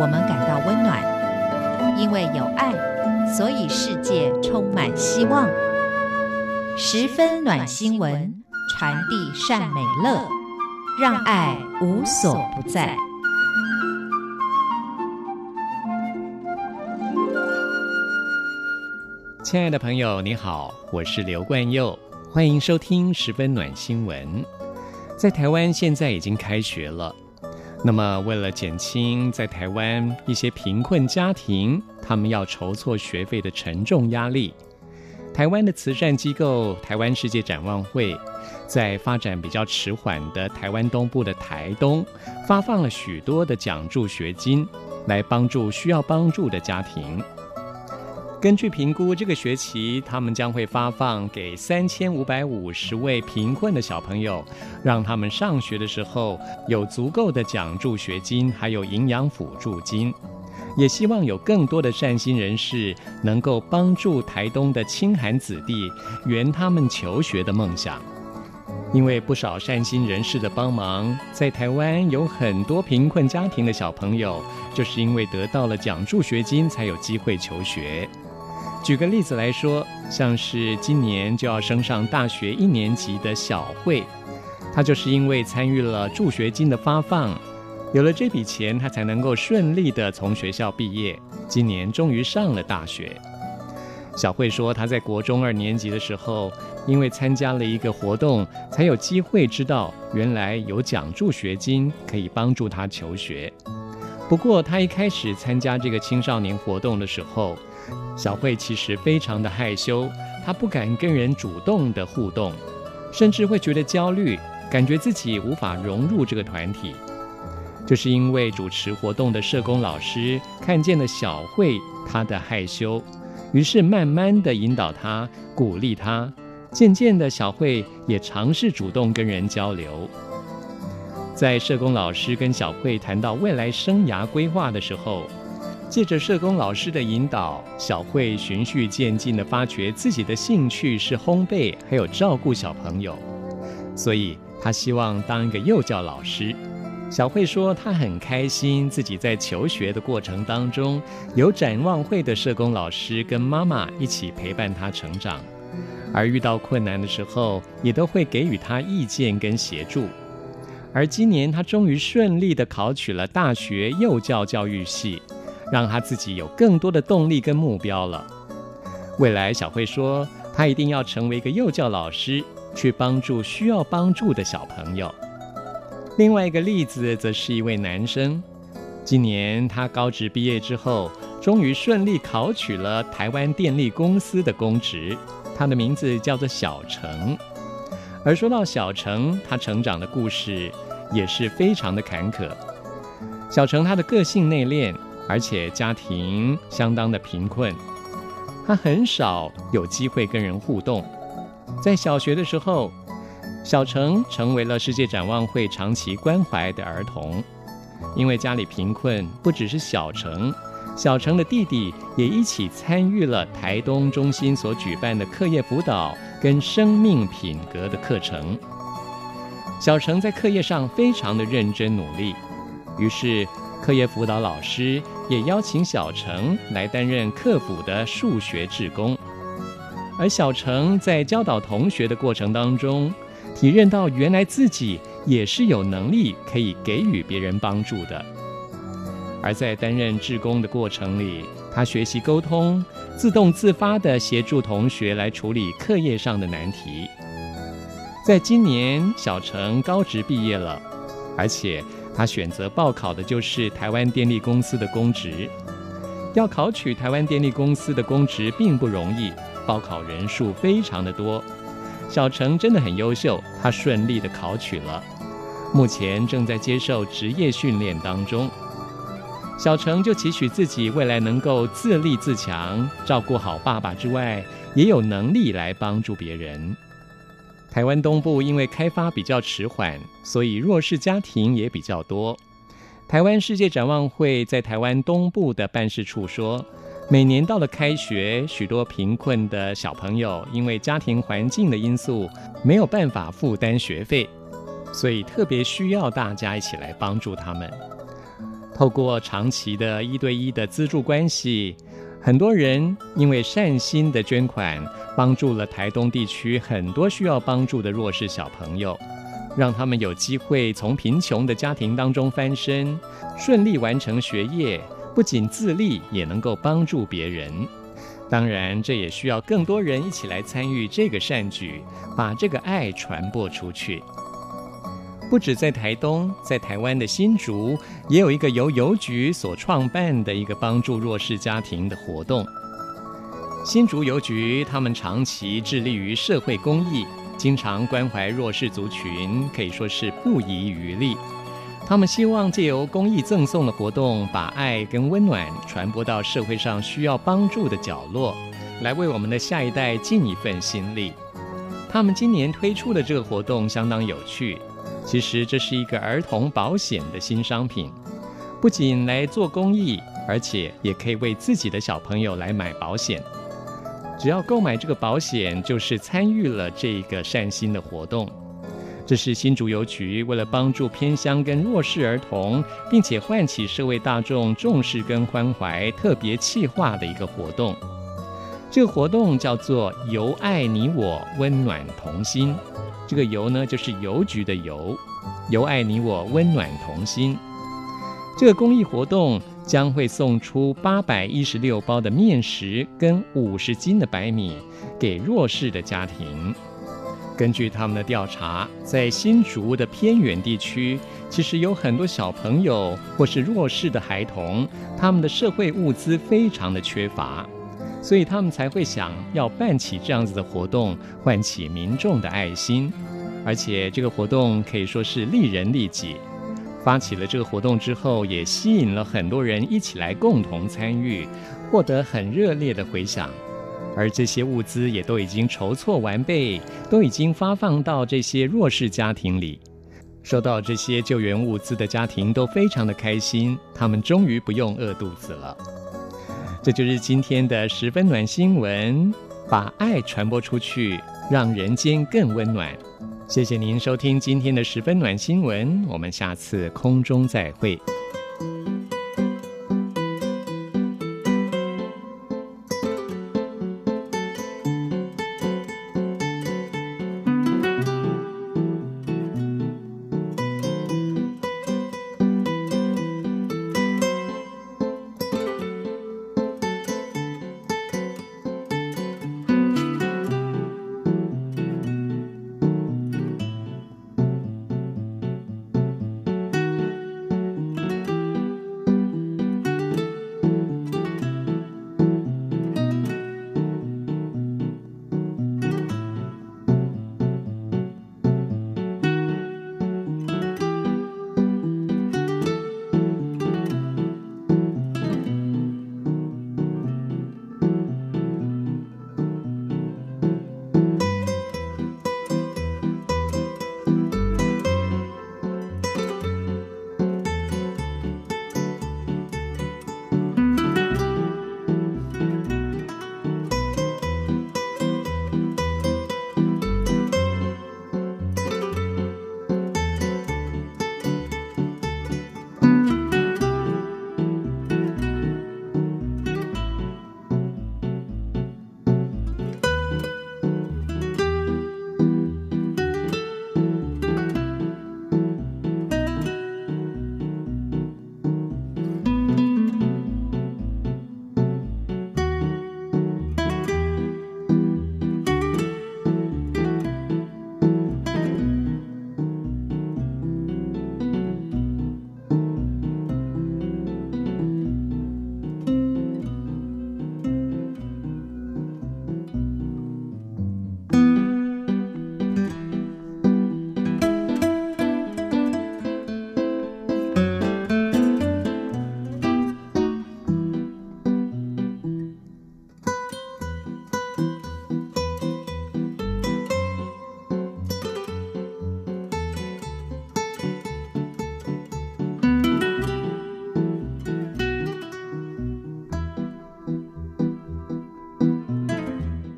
我們感到溫暖，因為有愛，所以世界充滿希望。十分暖新聞傳遞善美樂，讓愛無所不在。親愛的朋友，你好，我是劉冠佑，歡迎收聽《十分暖新聞》。在台灣現在已經開學了。那麼，為了減輕在台灣一些貧困家庭他們要籌措學費的沉重壓力，台灣的慈善機構台灣世界展望會在發展比較遲緩的台灣東部的台東，發放了許多的獎助學金，來幫助需要幫助的家庭。根據評估，這個學期他們將會發放給三千五百五十位貧困的小朋友，讓他們上學的時候有足夠的獎助學金，還有營養輔助金。也希望有更多的善心人士能夠幫助台東的清寒子弟圓他們求學的夢想。因為不少善心人士的幫忙，在台灣有很多貧困家庭的小朋友，就是因為得到了獎助學金，才有機會求學。舉個例子來說，像是今年就要升上大學一年級的小慧，她就是因為參與了助學金的發放，有了這筆錢，她才能夠順利的從學校畢業，今年終於上了大學。小慧說，她在國中二年級的時候，因為參加了一個活動，才有機會知道原來有獎助學金可以幫助她求學。不過，他一開始參加這個青少年活動的時候，小慧其實非常的害羞，她不敢跟人主動的互動，甚至會覺得焦慮，感覺自己無法融入這個團體。就是因為主持活動的社工老師看見了小慧她的害羞，於是慢慢的引導她，鼓勵她，漸漸的，小慧也嘗試主動跟人交流。在社工老師跟小慧談到未來生涯規劃的時候，借着社工老師的引導，小慧循序漸進地發覺自己的興趣是烘焙，還有照顧小朋友，所以她希望當一個幼教老師。小慧說她很開心自己在求學的過程當中，有展望會的社工老師跟媽媽一起陪伴她成長，而遇到困難的時候，也都會給予她意見跟協助。而今年，他終於順利地考取了大學幼教教育系，讓他自己有更多的動力跟目標了。未來，小慧說，他一定要成為一個幼教老師，去幫助需要幫助的小朋友。另外一個例子，則是一位男生，今年他高職畢業之後，終於順利考取了台灣電力公司的公職，他的名字叫做小程。而說到小城，他成長的故事也是非常的坎坷。小城他的個性內斂，而且家庭相當的貧困，他很少有機會跟人互動。在小學的時候，小城成為了世界展望會長期關懷的兒童，因為家裡貧困，不只是小城，小城的弟弟也一起參與了台東中心所舉辦的課業輔導。跟生命品格的課程，小成在課業上非常的認真努力，於是，課業輔導老師也邀請小成來擔任課輔的數學志工，而小成在教導同學的過程當中，體認到原來自己也是有能力可以給予別人幫助的，而在擔任志工的過程裡。他學習溝通，自動自發地協助同學來處理課業上的難題。在今年，小城高職畢業了，而且他選擇報考的就是台灣電力公司的公職。要考取台灣電力公司的公職並不容易，報考人數非常的多。小城真的很優秀，他順利地考取了，目前正在接受職業訓練當中。小程就期許自己未來能夠自立自強，照顧好爸爸之外，也有能力來幫助別人。台灣東部因為開發比較遲緩，所以弱勢家庭也比較多。台灣世界展望會在台灣東部的辦事處說，每年到了開學，許多貧困的小朋友因為家庭環境的因素，沒有辦法負擔學費，所以特別需要大家一起來幫助他們。透過長期的一對一的資助關係，很多人因為善心的捐款，幫助了台東地區很多需要幫助的弱勢小朋友，讓他們有機會從貧窮的家庭當中翻身，順利完成學業，不僅自立，也能夠幫助別人。當然，這也需要更多人一起來參與這個善舉，把這個愛傳播出去。不止在台東，在台灣的新竹也有一個由郵局所創辦的一個幫助弱勢家庭的活動。新竹郵局他們長期致力於社會公益，經常關懷弱勢族群，可以說是不遺餘力。他們希望借由公益贈送的活動，把愛跟溫暖傳播到社會上需要幫助的角落，來為我們的下一代盡一份心力。他們今年推出的這個活動相當有趣。其實這是一個兒童保險的新商品，不僅來做公益，而且也可以為自己的小朋友來買保險。只要購買這個保險，就是參與了這個善心的活動。這是新竹郵局為了幫助偏鄉跟弱勢兒童，並且喚起社會大眾重視跟關懷，特別企劃的一個活動。這個活動叫做“郵愛你我，溫暖童心”。這個“郵”呢，就是郵局的“郵”。郵愛你我，溫暖童心。這個公益活動將會送出八百一十六包的麵食跟五十斤的白米給弱勢的家庭。根據他們的調查，在新竹的偏遠地區，其實有很多小朋友或是弱勢的孩童，他們的社會物資非常的缺乏。所以他們才會想要辦起這樣子的活動，喚起民眾的愛心，而且這個活動可以說是利人利己。發起了這個活動之後，也吸引了很多人一起來共同參與，獲得很熱烈的回響。而這些物資也都已經籌措完備，都已經發放到這些弱勢家庭裡。收到這些救援物資的家庭都非常的開心，他們終於不用餓肚子了。這就是今天的十分暖新聞，把愛傳播出去，讓人間更溫暖。謝謝您收聽今天的十分暖新聞，我們下次空中再會。